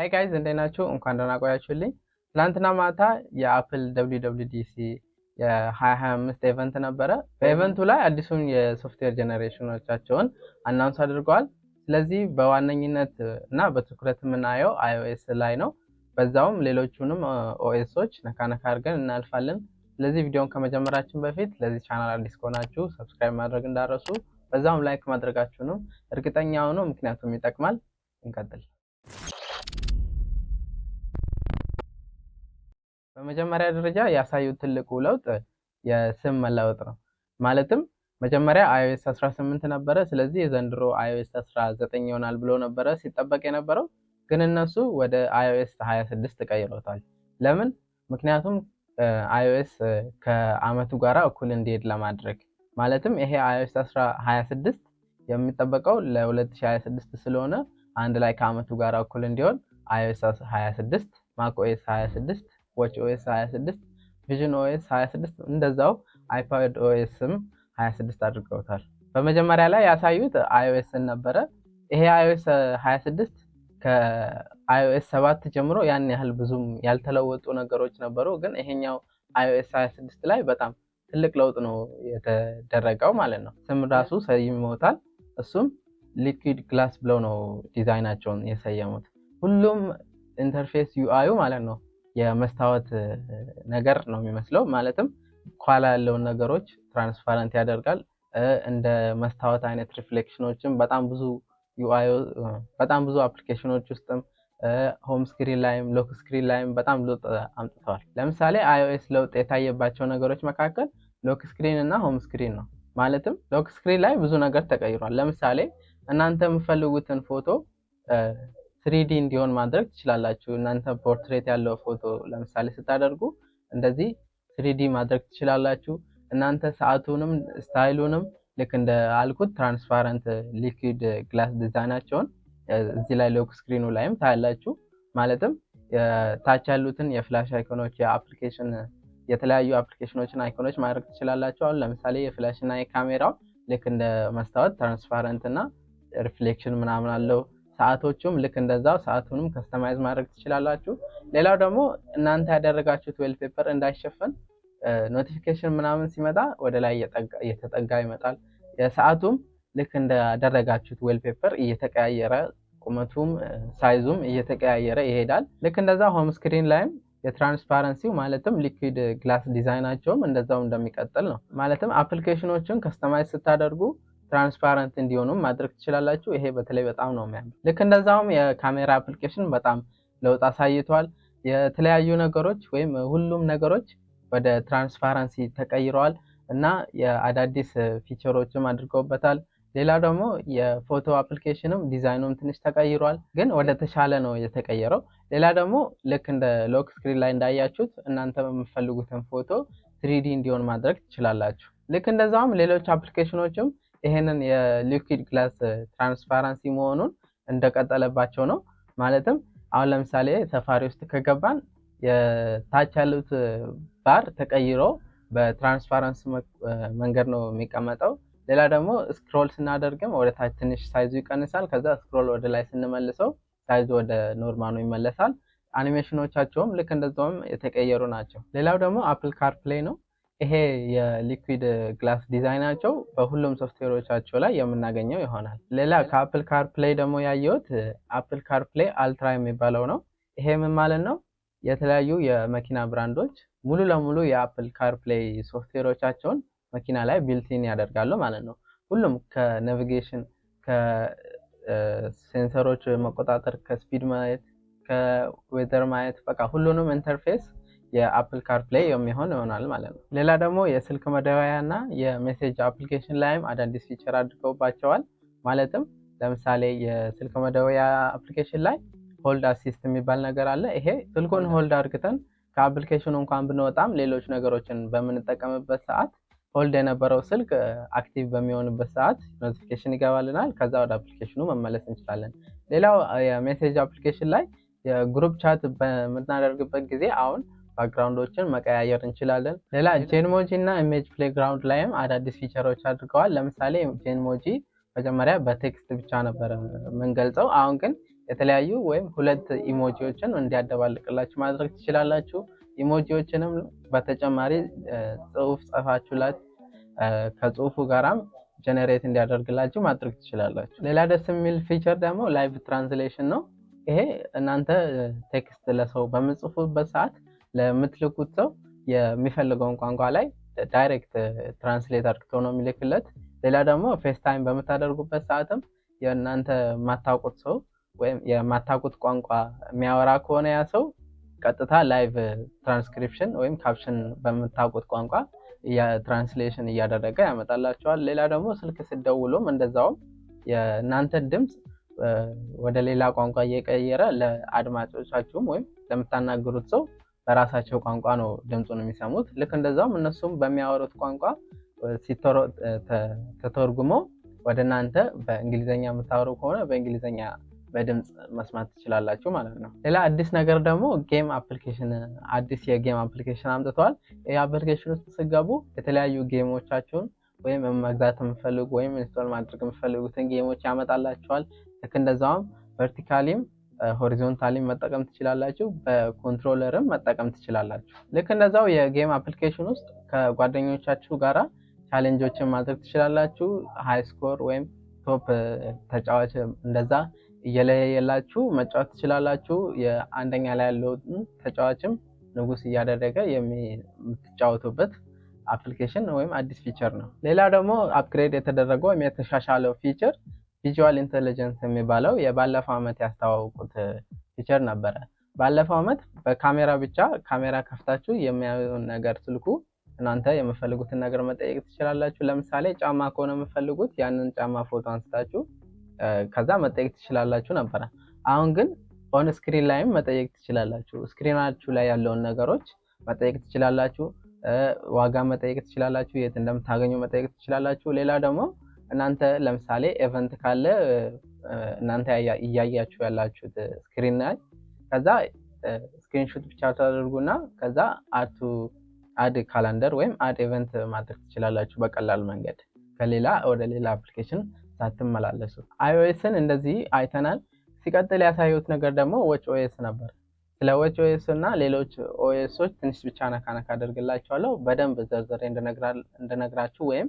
ሀይ ጋይዝ እንዴት ናችሁ? እንኳን ደህና ቆያችሁልኝ። ትናንትና ማታ የአፕል ደብሊው ደብሊው ዲሲ የ2025 ኢቨንት ነበረ። በኢቨንቱ ላይ አዲሱን የሶፍትዌር ጀኔሬሽኖቻቸውን አናውንስ አድርገዋል። ስለዚህ በዋነኝነት እና በትኩረት የምናየው አይኦኤስ ላይ ነው። በዛውም ሌሎቹንም ኦኤሶች ነካነካ አድርገን እናልፋለን። ስለዚህ ቪዲዮን ከመጀመራችን በፊት ለዚህ ቻናል አዲስ ከሆናችሁ ሰብስክራይብ ማድረግ እንዳረሱ፣ በዛውም ላይክ ማድረጋችሁንም እርግጠኛ ሁኑ፣ ምክንያቱም ይጠቅማል። እንቀጥል። በመጀመሪያ ደረጃ ያሳዩት ትልቁ ለውጥ የስም መለወጥ ነው። ማለትም መጀመሪያ iOS 18 ነበረ፣ ስለዚህ የዘንድሮ iOS 19 ይሆናል ብሎ ነበረ ሲጠበቅ የነበረው ግን እነሱ ወደ iOS 26 ቀይረውታል። ለምን? ምክንያቱም iOS ከአመቱ ጋራ እኩል እንዲሄድ ለማድረግ ማለትም ይሄ iOS 26 የሚጠበቀው ለ2026 ስለሆነ አንድ ላይ ከአመቱ ጋራ እኩል እንዲሆን iOS 26 macOS 26 ዋች ኦኤስ 26 ቪዥን ኦኤስ 26 እንደዛው አይፓድ ኦኤስም 26 አድርገውታል። በመጀመሪያ ላይ ያሳዩት አይኦኤስን ነበረ። ይሄ አይኦኤስ 26 ከአይኦኤስ 7 ጀምሮ ያን ያህል ብዙም ያልተለወጡ ነገሮች ነበሩ፣ ግን ይሄኛው አይኦኤስ 26 ላይ በጣም ትልቅ ለውጥ ነው የተደረገው ማለት ነው። ስም ራሱ ሰይመውታል። እሱም ሊኩድ ግላስ ብለው ነው ዲዛይናቸውን የሰየሙት። ሁሉም ኢንተርፌስ ዩአዩ ማለት ነው የመስታወት ነገር ነው የሚመስለው። ማለትም ከኋላ ያለውን ነገሮች ትራንስፓረንት ያደርጋል። እንደ መስታወት አይነት ሪፍሌክሽኖችም በጣም ብዙ በጣም ብዙ አፕሊኬሽኖች ውስጥም ሆም ስክሪን ላይም ሎክ ስክሪን ላይም በጣም ለውጥ አምጥተዋል። ለምሳሌ አይኦኤስ ለውጥ የታየባቸው ነገሮች መካከል ሎክ ስክሪን እና ሆም ስክሪን ነው። ማለትም ሎክ ስክሪን ላይ ብዙ ነገር ተቀይሯል። ለምሳሌ እናንተ የምፈልጉትን ፎቶ ትሪዲ እንዲሆን ማድረግ ትችላላችሁ። እናንተ ፖርትሬት ያለው ፎቶ ለምሳሌ ስታደርጉ እንደዚህ ትሪዲ ማድረግ ትችላላችሁ። እናንተ ሰዓቱንም ስታይሉንም ልክ እንደ አልኩት ትራንስፓረንት ሊኩድ ግላስ ዲዛይናቸውን እዚህ ላይ ሎክ ስክሪኑ ላይም ታያላችሁ። ማለትም ታች ያሉትን የፍላሽ አይኮኖች የአፕሊኬሽን የተለያዩ አፕሊኬሽኖችን አይኮኖች ማድረግ ትችላላችሁ። አሁን ለምሳሌ የፍላሽ እና የካሜራው ልክ እንደ መስታወት ትራንስፓረንት እና ሪፍሌክሽን ምናምን አለው። ሰዓቶቹም ልክ እንደዛው ሰዓቱንም ከስተማይዝ ማድረግ ትችላላችሁ። ሌላው ደግሞ እናንተ ያደረጋችሁት ዌል ፔፐር እንዳይሸፈን ኖቲፊኬሽን ምናምን ሲመጣ ወደ ላይ እየተጠጋ ይመጣል። የሰዓቱም ልክ እንዳደረጋችሁት ዌል ፔፐር እየተቀያየረ ቁመቱም ሳይዙም እየተቀያየረ ይሄዳል። ልክ እንደዛ ሆም ስክሪን ላይም የትራንስፓረንሲው ማለትም ሊኩድ ግላስ ዲዛይናቸውም እንደዛው እንደሚቀጥል ነው። ማለትም አፕሊኬሽኖችን ከስተማይዝ ስታደርጉ ትራንስፓረንት እንዲሆኑም ማድረግ ትችላላችሁ። ይሄ በተለይ በጣም ነው የሚያምር። ልክ እንደዛውም የካሜራ አፕሊኬሽን በጣም ለውጥ አሳይቷል። የተለያዩ ነገሮች ወይም ሁሉም ነገሮች ወደ ትራንስፓረንሲ ተቀይረዋል እና የአዳዲስ ፊቸሮችም አድርገውበታል። ሌላ ደግሞ የፎቶ አፕሊኬሽንም ዲዛይኑም ትንሽ ተቀይሯል፣ ግን ወደ ተሻለ ነው የተቀየረው። ሌላ ደግሞ ልክ እንደ ሎክ ስክሪን ላይ እንዳያችሁት እናንተ የምፈልጉትን ፎቶ ትሪዲ እንዲሆን ማድረግ ትችላላችሁ። ልክ እንደዛውም ሌሎች አፕሊኬሽኖችም ይሄንን የሊኩዊድ ግላስ ትራንስፓረንሲ መሆኑን እንደቀጠለባቸው ነው። ማለትም አሁን ለምሳሌ ሰፋሪ ውስጥ ከገባን የታች ያሉት ባር ተቀይሮ በትራንስፓረንስ መንገድ ነው የሚቀመጠው። ሌላ ደግሞ ስክሮል ስናደርግም ወደ ታች ትንሽ ሳይዙ ይቀንሳል። ከዛ ስክሮል ወደ ላይ ስንመልሰው ሳይዙ ወደ ኖርማኑ ይመለሳል። አኒሜሽኖቻቸውም ልክ እንደዛውም የተቀየሩ ናቸው። ሌላው ደግሞ አፕል ካርፕሌይ ነው። ይሄ የሊኩዊድ ግላስ ዲዛይናቸው በሁሉም ሶፍትዌሮቻቸው ላይ የምናገኘው ይሆናል። ሌላ ከአፕል ካርፕሌይ ደግሞ ያየሁት አፕል ካርፕሌይ አልትራ የሚባለው ነው። ይሄ ምን ማለት ነው? የተለያዩ የመኪና ብራንዶች ሙሉ ለሙሉ የአፕል ካርፕሌይ ሶፍትዌሮቻቸውን መኪና ላይ ቢልቲን ያደርጋሉ ማለት ነው። ሁሉም ከናቪጌሽን፣ ከሴንሰሮች መቆጣጠር፣ ከስፒድ ማየት፣ ከዌዘር ማየት በቃ ሁሉንም ኢንተርፌስ የአፕል ካር ፕሌይ የሚሆን ይሆናል ማለት ነው። ሌላ ደግሞ የስልክ መደወያ እና የሜሴጅ አፕሊኬሽን ላይም አዳዲስ ፊቸር አድርገውባቸዋል። ማለትም ለምሳሌ የስልክ መደወያ አፕሊኬሽን ላይ ሆልድ አሲስት የሚባል ነገር አለ። ይሄ ስልኩን ሆልድ አድርግተን ከአፕሊኬሽኑ እንኳን ብንወጣም ሌሎች ነገሮችን በምንጠቀምበት ሰዓት ሆልድ የነበረው ስልክ አክቲቭ በሚሆንበት ሰዓት ኖቲፊኬሽን ይገባልናል። ከዛ ወደ አፕሊኬሽኑ መመለስ እንችላለን። ሌላው የሜሴጅ አፕሊኬሽን ላይ የግሩፕ ቻት በምናደርግበት ጊዜ አሁን ባክግራውንዶችን መቀያየር እንችላለን። ሌላ ጄንሞጂ እና ኢሜጅ ፕሌግራውንድ ላይም አዳዲስ ፊቸሮች አድርገዋል። ለምሳሌ ጄንሞጂ መጀመሪያ በቴክስት ብቻ ነበረ የምንገልጸው። አሁን ግን የተለያዩ ወይም ሁለት ኢሞጂዎችን እንዲያደባልቅላችሁ ማድረግ ትችላላችሁ። ኢሞጂዎችንም በተጨማሪ ጽሁፍ ጽፋችሁላት ከጽሁፉ ጋራም ጀኔሬት እንዲያደርግላችሁ ማድረግ ትችላላችሁ። ሌላ ደስ የሚል ፊቸር ደግሞ ላይቭ ትራንስሌሽን ነው። ይሄ እናንተ ቴክስት ለሰው በምጽፉበት ሰዓት ለምትልኩት ሰው የሚፈልገውን ቋንቋ ላይ ዳይሬክት ትራንስሌት አድርግቶ ነው የሚልክለት። ሌላ ደግሞ ፌስታይም ታይም በምታደርጉበት ሰዓትም የእናንተ የማታውቁት ሰው ወይም የማታውቁት ቋንቋ የሚያወራ ከሆነ ያ ሰው ቀጥታ ላይቭ ትራንስክሪፕሽን ወይም ካፕሽን በምታውቁት ቋንቋ ትራንስሌሽን እያደረገ ያመጣላቸዋል። ሌላ ደግሞ ስልክ ስደውሉም እንደዛውም የእናንተን ድምፅ ወደ ሌላ ቋንቋ እየቀየረ ለአድማጮቻችሁም ወይም ለምታናግሩት ሰው በራሳቸው ቋንቋ ነው ድምፁን የሚሰሙት። ልክ እንደዛውም እነሱም በሚያወሩት ቋንቋ ተተርጉመው ወደ እናንተ በእንግሊዝኛ የምታወሩ ከሆነ በእንግሊዝኛ በድምፅ መስማት ትችላላችሁ ማለት ነው። ሌላ አዲስ ነገር ደግሞ ጌም አፕሊኬሽን፣ አዲስ የጌም አፕሊኬሽን አምጥተዋል። ይህ አፕሊኬሽን ውስጥ ስገቡ የተለያዩ ጌሞቻችሁን ወይም መግዛት የምፈልጉ ወይም ኢንስቶል ማድረግ የምፈልጉትን ጌሞች ያመጣላችኋል። ልክ እንደዛውም ቨርቲካሊም ሆሪዞንታሊም መጠቀም ትችላላችሁ፣ በኮንትሮለርም መጠቀም ትችላላችሁ። ልክ እንደዛው የጌም አፕሊኬሽን ውስጥ ከጓደኞቻችሁ ጋራ ቻሌንጆችን ማድረግ ትችላላችሁ። ሃይ ስኮር ወይም ቶፕ ተጫዋች እንደዛ እየለየላችሁ መጫወት ትችላላችሁ። የአንደኛ ላይ ያለውን ተጫዋችም ንጉስ እያደረገ የምትጫወቱበት አፕሊኬሽን ወይም አዲስ ፊቸር ነው። ሌላ ደግሞ አፕግሬድ የተደረገ ወይም የተሻሻለው ፊቸር ቪዥዋል ኢንቴሊጀንስ የሚባለው የባለፈው ዓመት ያስተዋወቁት ፊቸር ነበረ። ባለፈው ዓመት በካሜራ ብቻ ካሜራ ከፍታችሁ የሚያዩን ነገር ስልኩ እናንተ የምፈልጉትን ነገር መጠየቅ ትችላላችሁ። ለምሳሌ ጫማ ከሆነ የምፈልጉት ያንን ጫማ ፎቶ አንስታችሁ ከዛ መጠየቅ ትችላላችሁ ነበረ። አሁን ግን ኦን ስክሪን ላይም መጠየቅ ትችላላችሁ። ስክሪናችሁ ላይ ያለውን ነገሮች መጠየቅ ትችላላችሁ። ዋጋ መጠየቅ ትችላላችሁ። የት እንደምታገኙ መጠየቅ ትችላላችሁ። ሌላ ደግሞ እናንተ ለምሳሌ ኤቨንት ካለ እናንተ እያያችሁ ያላችሁት ስክሪን ላይ ከዛ ስክሪንሹት ብቻ ታደርጉና ከዛ አቱ አድ ካላንደር ወይም አድ ኤቨንት ማድረግ ትችላላችሁ በቀላል መንገድ ከሌላ ወደ ሌላ አፕሊኬሽን ሳትመላለሱ። አይኦኤስን እንደዚህ አይተናል። ሲቀጥል ያሳየሁት ነገር ደግሞ ወች ኦኤስ ነበር። ስለ ወች ኦኤስ እና ሌሎች ኦኤሶች ትንሽ ብቻ ነካ ነካ በደንብ ዘርዝሬ እንደነግራችሁ ወይም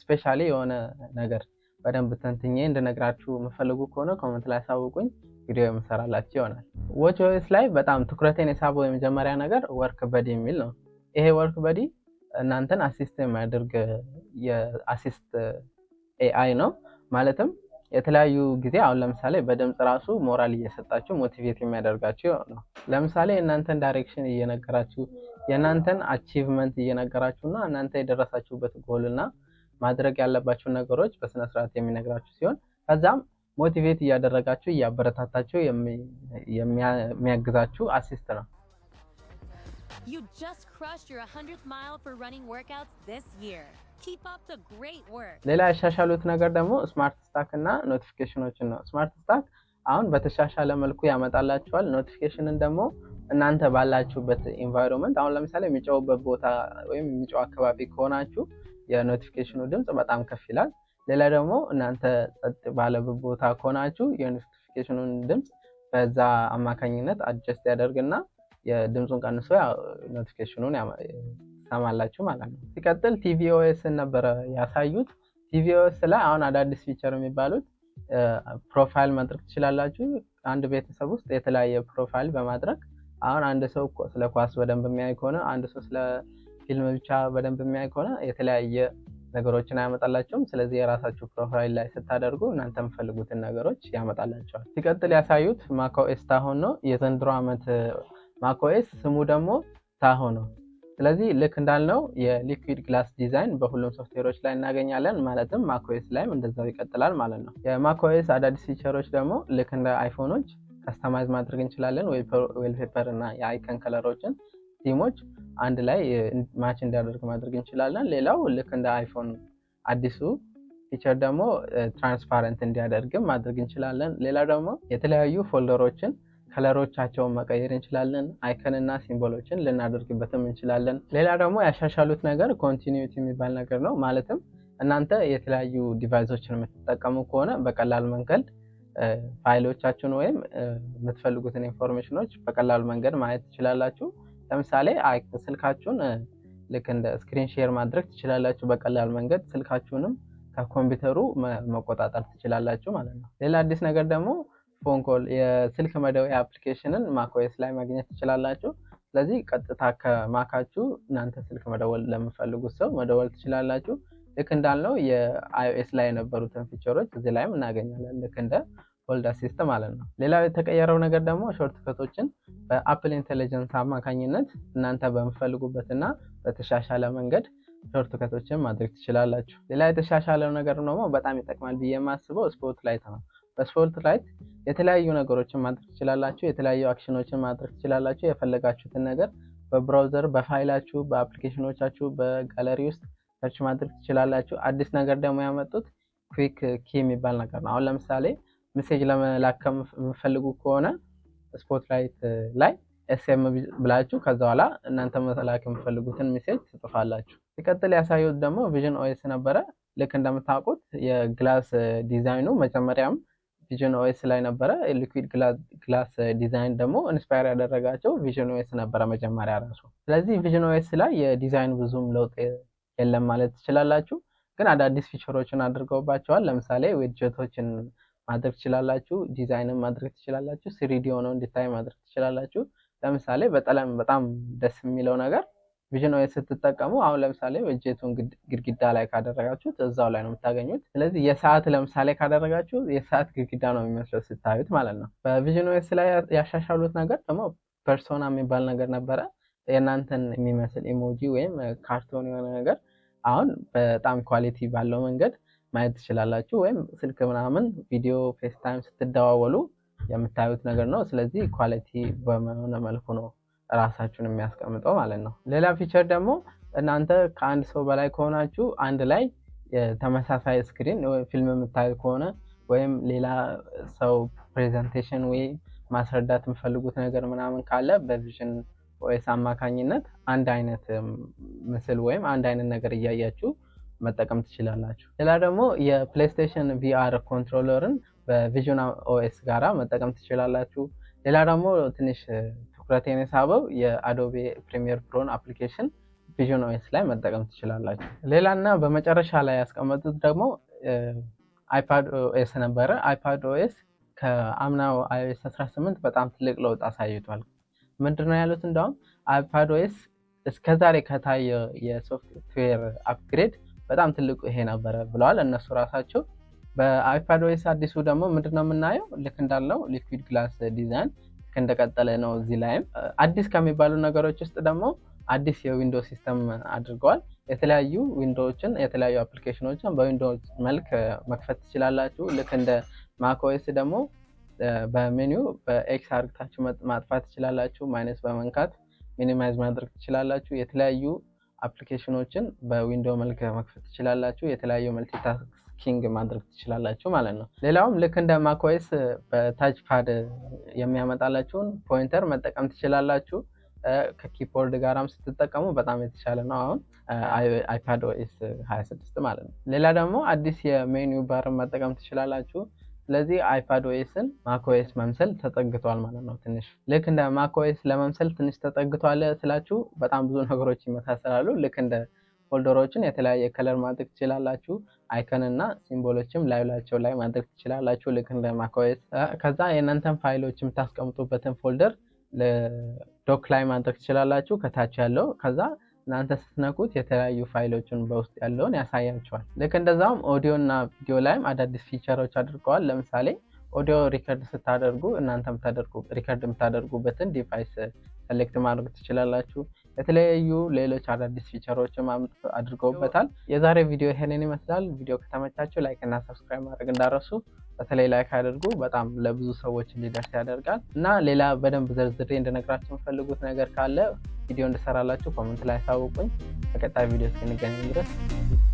ስፔሻሊ የሆነ ነገር በደንብ ተንትኜ እንድነግራችሁ የምፈልጉ ከሆነ ኮመንት ላይ አሳውቁኝ፣ ቪዲዮ የምሰራላችሁ ይሆናል። ዎች ኦኤስ ላይ በጣም ትኩረቴን የሳበው የመጀመሪያ ነገር ወርክ በዲ የሚል ነው። ይሄ ወርክ በዲ እናንተን አሲስት የሚያደርግ የአሲስት ኤአይ ነው። ማለትም የተለያዩ ጊዜ አሁን ለምሳሌ በድምፅ ራሱ ሞራል እየሰጣችሁ ሞቲቬት የሚያደርጋችሁ ነው። ለምሳሌ የእናንተን ዳይሬክሽን እየነገራችሁ የእናንተን አቺቭመንት እየነገራችሁ እና እናንተ የደረሳችሁበት ጎል እና ማድረግ ያለባቸው ነገሮች በስነ ስርዓት የሚነግራችሁ ሲሆን ከዛም ሞቲቬት እያደረጋችሁ እያበረታታችሁ የሚያግዛችሁ አሲስት ነው። You just crushed your 100th mile for running workouts this year. Keep up the great work. ሌላ ያሻሻሉት ነገር ደግሞ ስማርት ስታክ እና ኖቲፊኬሽኖችን ነው። ስማርት ስታክ አሁን በተሻሻለ መልኩ ያመጣላችኋል። ኖቲፊኬሽንን ደግሞ እናንተ ባላችሁበት ኢንቫይሮንመንት አሁን ለምሳሌ የሚጫውበት ቦታ ወይም የሚጫው አካባቢ ከሆናችሁ የኖቲፊኬሽኑ ድምፅ በጣም ከፍ ይላል። ሌላ ደግሞ እናንተ ጸጥ ባለ ቦታ ከሆናችሁ የኖቲፊኬሽኑን ድምፅ በዛ አማካኝነት አድጀስት ያደርግና የድምፁን ቀንሶ ኖቲፊኬሽኑን ሰማላችሁ ማለት ነው። ሲቀጥል ቲቪኦኤስን ነበረ ያሳዩት። ቲቪኦኤስ ላይ አሁን አዳዲስ ፊቸር የሚባሉት ፕሮፋይል መጥረቅ ትችላላችሁ። አንድ ቤተሰብ ውስጥ የተለያየ ፕሮፋይል በማድረግ አሁን አንድ ሰው ስለ ኳስ በደንብ የሚያይ ከሆነ አንድ ሰው ስለ ፊልም ብቻ በደንብ የሚያይ ከሆነ የተለያየ ነገሮችን አያመጣላቸውም። ስለዚህ የራሳችሁ ፕሮፋይል ላይ ስታደርጉ እናንተ የምፈልጉትን ነገሮች ያመጣላቸዋል። ሲቀጥል ያሳዩት ማኮኤስ ታሆን ነው። የዘንድሮ ዓመት ማኮኤስ ስሙ ደግሞ ታሆ ነው። ስለዚህ ልክ እንዳልነው የሊኩዊድ ግላስ ዲዛይን በሁሉም ሶፍትዌሮች ላይ እናገኛለን። ማለትም ማኮኤስ ላይም እንደዛው ይቀጥላል ማለት ነው። የማኮኤስ አዳዲስ ፊቸሮች ደግሞ ልክ እንደ አይፎኖች ከስተማይዝ ማድረግ እንችላለን። ዌልፔፐር እና የአይከን ከለሮችን ቲሞች አንድ ላይ ማች እንዲያደርግ ማድረግ እንችላለን። ሌላው ልክ እንደ አይፎን አዲሱ ፊቸር ደግሞ ትራንስፓረንት እንዲያደርግም ማድረግ እንችላለን። ሌላ ደግሞ የተለያዩ ፎልደሮችን ከለሮቻቸውን መቀየር እንችላለን። አይከን እና ሲምቦሎችን ልናደርግበትም እንችላለን። ሌላ ደግሞ ያሻሻሉት ነገር ኮንቲኒዩቲ የሚባል ነገር ነው። ማለትም እናንተ የተለያዩ ዲቫይሶችን የምትጠቀሙ ከሆነ በቀላል መንገድ ፋይሎቻችሁን ወይም የምትፈልጉትን ኢንፎርሜሽኖች በቀላሉ መንገድ ማየት ትችላላችሁ። ለምሳሌ ስልካችሁን ልክ እንደ ስክሪን ሼር ማድረግ ትችላላችሁ። በቀላል መንገድ ስልካችሁንም ከኮምፒውተሩ መቆጣጠር ትችላላችሁ ማለት ነው። ሌላ አዲስ ነገር ደግሞ ፎን ኮል የስልክ መደወያ አፕሊኬሽንን ማኮስ ላይ ማግኘት ትችላላችሁ። ስለዚህ ቀጥታ ከማካችሁ እናንተ ስልክ መደወል ለምፈልጉት ሰው መደወል ትችላላችሁ። ልክ እንዳልነው የአይኦኤስ ላይ የነበሩትን ፊቸሮች እዚህ ላይም እናገኛለን ልክ እንደ ፎልደር ሲስተም ማለት ነው። ሌላው የተቀየረው ነገር ደግሞ ሾርት ከቶችን በአፕል ኢንቴሊጀንስ አማካኝነት እናንተ በምፈልጉበት ና በተሻሻለ መንገድ ሾርት ከቶችን ማድረግ ትችላላችሁ። ሌላ የተሻሻለው ነገር ደግሞ በጣም ይጠቅማል ብዬ የማስበው ስፖርት ላይት ነው። በስፖርት ላይት የተለያዩ ነገሮችን ማድረግ ትችላላችሁ። የተለያዩ አክሽኖችን ማድረግ ትችላላችሁ። የፈለጋችሁትን ነገር በብራውዘር በፋይላችሁ፣ በአፕሊኬሽኖቻችሁ፣ በጋለሪ ውስጥ ሰርች ማድረግ ትችላላችሁ። አዲስ ነገር ደግሞ ያመጡት ኩዊክ ኪ የሚባል ነገር ነው። አሁን ለምሳሌ ሜሴጅ ለመላክ የምፈልጉ ከሆነ ስፖትላይት uh, ላይ ኤስኤም ብላችሁ ከዛ በኋላ እናንተ መላክ የምፈልጉትን ሜሴጅ ትጽፋላችሁ። ሲቀጥል ያሳዩት ደግሞ ቪዥን ኦኤስ ነበረ። ልክ እንደምታውቁት የግላስ uh, ዲዛይኑ መጀመሪያም ቪዥን ኦኤስ ላይ ነበረ። ሊኩዊድ ግላስ uh, ዲዛይን ደግሞ ኢንስፓየር ያደረጋቸው ቪዥን ኦኤስ ነበረ መጀመሪያ ራሱ። ስለዚህ ቪዥን ኦኤስ ላይ የዲዛይን ብዙም ለውጥ የለም ማለት ትችላላችሁ፣ ግን አዳዲስ ፊቸሮችን አድርገውባቸዋል። ለምሳሌ ዌድጀቶችን ማድረግ ትችላላችሁ። ዲዛይንም ማድረግ ትችላላችሁ። ስሪዲ ሆነው እንዲታይ ማድረግ ትችላላችሁ። ለምሳሌ በጠለም በጣም ደስ የሚለው ነገር ቪዥን ኦኤስ ስትጠቀሙ አሁን ለምሳሌ በጀቱን ግድግዳ ላይ ካደረጋችሁት እዛው ላይ ነው የምታገኙት። ስለዚህ የሰዓት ለምሳሌ ካደረጋችሁ የሰዓት ግድግዳ ነው የሚመስለው ስታዩት ማለት ነው። በቪዥን ኦኤስ ላይ ያሻሻሉት ነገር ደግሞ ፐርሶና የሚባል ነገር ነበረ። የእናንተን የሚመስል ኢሞጂ ወይም ካርቶን የሆነ ነገር አሁን በጣም ኳሊቲ ባለው መንገድ ማየት ትችላላችሁ። ወይም ስልክ ምናምን ቪዲዮ ፌስታይም ስትደዋወሉ የምታዩት ነገር ነው። ስለዚህ ኳሊቲ በሆነ መልኩ ነው እራሳችሁን የሚያስቀምጠው ማለት ነው። ሌላ ፊቸር ደግሞ እናንተ ከአንድ ሰው በላይ ከሆናችሁ አንድ ላይ ተመሳሳይ ስክሪን ፊልም የምታዩት ከሆነ ወይም ሌላ ሰው ፕሬዘንቴሽን ወይም ማስረዳት የምፈልጉት ነገር ምናምን ካለ በቪዥን ኦኤስ አማካኝነት አንድ አይነት ምስል ወይም አንድ አይነት ነገር እያያችሁ መጠቀም ትችላላችሁ። ሌላ ደግሞ የፕሌይስቴሽን ቪአር ኮንትሮለርን በቪዥን ኦኤስ ጋራ መጠቀም ትችላላችሁ። ሌላ ደግሞ ትንሽ ትኩረቴን የሳበው የአዶቤ ፕሪሚየር ፕሮን አፕሊኬሽን ቪዥን ኦኤስ ላይ መጠቀም ትችላላችሁ። ሌላ እና በመጨረሻ ላይ ያስቀመጡት ደግሞ አይፓድ ኦኤስ ነበረ። አይፓድ ኦኤስ ከአምናው አይኦኤስ 18 በጣም ትልቅ ለውጥ አሳይቷል። ምንድን ነው ያሉት? እንደውም አይፓድ ኦኤስ እስከዛሬ ከታየ የሶፍትዌር አፕግሬድ በጣም ትልቁ ይሄ ነበረ ብለዋል እነሱ ራሳቸው። በአይፓድ ኦኤስ አዲሱ ደግሞ ምንድነው የምናየው ልክ እንዳለው ሊኩዊድ ግላስ ዲዛይን ልክ እንደቀጠለ ነው። እዚህ ላይም አዲስ ከሚባሉ ነገሮች ውስጥ ደግሞ አዲስ የዊንዶ ሲስተም አድርገዋል። የተለያዩ ዊንዶዎችን የተለያዩ አፕሊኬሽኖችን በዊንዶ መልክ መክፈት ትችላላችሁ። ልክ እንደ ማክኦኤስ ደግሞ በሜኒው በኤክስ አርግታችሁ ማጥፋት ትችላላችሁ። ማይነስ በመንካት ሚኒማይዝ ማድረግ ትችላላችሁ። የተለያዩ አፕሊኬሽኖችን በዊንዶው መልክ መክፈት ትችላላችሁ። የተለያዩ መልቲታስኪንግ ማድረግ ትችላላችሁ ማለት ነው። ሌላውም ልክ እንደ ማኮይስ በታች ፓድ የሚያመጣላችሁን ፖይንተር መጠቀም ትችላላችሁ። ከኪፖርድ ጋራም ስትጠቀሙ በጣም የተሻለ ነው። አሁን አይፓድ ኦኤስ 26 ማለት ነው። ሌላ ደግሞ አዲስ የሜኒው ባርን መጠቀም ትችላላችሁ። ስለዚህ አይፓድ ኦኤስን ማክኦኤስ መምሰል ተጠግቷል ማለት ነው። ትንሽ ልክ እንደ ማክኦኤስ ለመምሰል ትንሽ ተጠግቷል ስላችሁ በጣም ብዙ ነገሮች ይመሳሰላሉ። ልክ እንደ ፎልደሮችን የተለያየ ከለር ማድረግ ትችላላችሁ። አይከን እና ሲምቦሎችም ላይላቸው ላይ ማድረግ ትችላላችሁ። ልክ እንደ ማክኦኤስ ከዛ የእናንተን ፋይሎች የምታስቀምጡበትን ፎልደር ዶክ ላይ ማድረግ ትችላላችሁ ከታች ያለው ከዛ እናንተ ስትነኩት የተለያዩ ፋይሎችን በውስጥ ያለውን ያሳያቸዋል። ልክ እንደዛውም ኦዲዮ እና ቪዲዮ ላይም አዳዲስ ፊቸሮች አድርገዋል። ለምሳሌ ኦዲዮ ሪከርድ ስታደርጉ እናንተ ሪከርድ የምታደርጉበትን ዲቫይስ ሰሌክት ማድረግ ትችላላችሁ። የተለያዩ ሌሎች አዳዲስ ፊቸሮችም አድርገውበታል። የዛሬ ቪዲዮ ይሄንን ይመስላል። ቪዲዮ ከተመቻችሁ ላይክ እና ሰብስክራይብ ማድረግ እንዳረሱ በተለይ ላይክ አድርጉ። በጣም ለብዙ ሰዎች እንዲደርስ ያደርጋል እና ሌላ በደንብ ዘርዝሬ እንድነግራችሁ የምፈልጉት ነገር ካለ ቪዲዮ እንድሰራላችሁ ኮመንት ላይ አሳውቁኝ። በቀጣይ ቪዲዮ እስክንገናኝ ድረስ